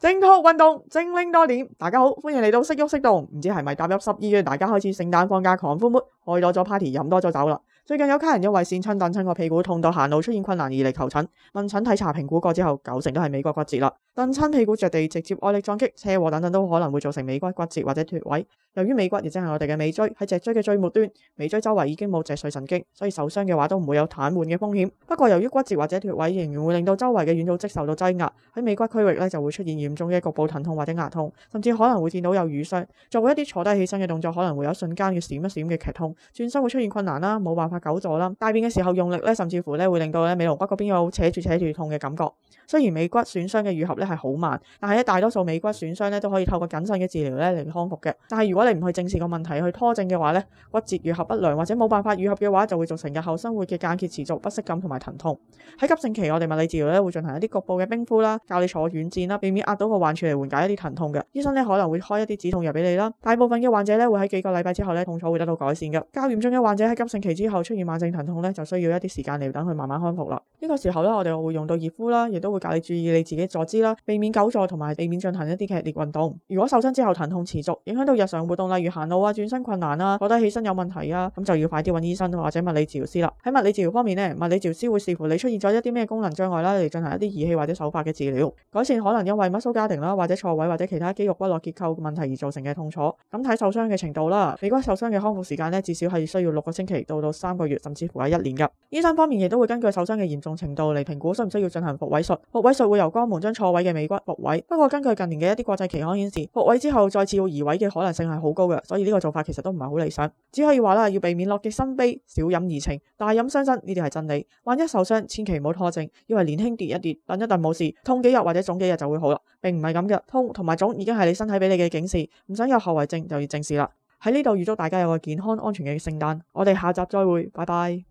正確運動，精靈多點。大家好，歡迎嚟到識郁適動。唔知係咪踏入十二月，大家開始聖誕放假狂歡末？愛多咗 party 飲多咗酒啦！最近有家人因為跣親登親個屁股痛到行路出現困難而嚟求診，問診體查評估過之後，九成都係尾骨骨折啦。登親屁股着地直接外力撞擊、車禍等等都可能會造成尾骨骨折或者脫位。由於尾骨亦即係我哋嘅尾椎喺脊椎嘅最末端，尾椎周圍已經冇脊髓神經，所以受傷嘅話都唔會有癱瘓嘅風險。不過由於骨折或者脫位仍然會令到周圍嘅軟組織受到擠壓，喺尾骨區域呢就會出現嚴重嘅局部疼痛或者壓痛，甚至可能會見到有瘀傷。做一啲坐低起身嘅動作可能會有瞬間的閃一瞬間嘅閃一閃嘅劇痛。轉身會出現困難啦，冇辦法久坐啦，大便嘅時候用力呢，甚至乎呢會令到呢尾龍骨嗰邊有扯住扯住痛嘅感覺。雖然尾骨損傷嘅愈合呢係好慢，但係呢，大多數尾骨損傷呢都可以透過謹慎嘅治療呢嚟康復嘅。但係如果你唔去正視個問題去拖症嘅話呢，骨折愈合不良或者冇辦法愈合嘅話，就會造成日後生活嘅間歇持續不適感同埋疼痛。喺急性期，我哋物理治療呢會進行一啲局部嘅冰敷啦，教你坐軟墊啦，避免壓到個患處嚟緩解一啲疼痛嘅。醫生呢可能會開一啲止痛藥俾你啦。大部分嘅患者呢，會喺幾個禮拜之後呢，痛楚會得到改善噶。較嚴重嘅患者喺急性期之後出現慢性疼痛咧，就需要一啲時間嚟等佢慢慢康復啦。呢個時候咧，我哋會用到熱敷啦，亦都會教你注意你自己坐姿啦，避免久坐同埋避免進行一啲劇烈運動。如果受傷之後疼痛持續，影響到日常活動，例如行路啊、轉身困難啊、覺得起身有問題啊，咁就要快啲揾醫生或者物理治療師啦。喺物理治療方面咧，物理治療師會視乎你出現咗一啲咩功能障礙啦，嚟進行一啲儀器或者手法嘅治療，改善可能因為 muscle 家庭啦或者錯位或者其他肌肉骨骼結構問題而造成嘅痛楚。咁睇受傷嘅程度啦，尾骨受傷嘅康復時間咧，少係需要六個星期到到三個月，甚至乎係一年㗎。醫生方面亦都會根據受傷嘅嚴重程度嚟評估需唔需要進行復位術。復位術會由肛門將錯位嘅尾骨復位，不過根據近年嘅一啲國際期刊顯示，復位之後再次要移位嘅可能性係好高嘅，所以呢個做法其實都唔係好理想。只可以話啦，要避免樂極生悲，少飲怡情，大飲傷身，呢啲係真理。萬一受傷，千祈唔好拖症，以為年輕跌一跌，等一等冇事，痛幾日或者腫幾日就會好啦，並唔係咁嘅，痛同埋腫已經係你身體俾你嘅警示，唔想有後遺症就要正視啦。喺呢度預祝大家有個健康安全嘅聖誕，我哋下集再會，拜拜。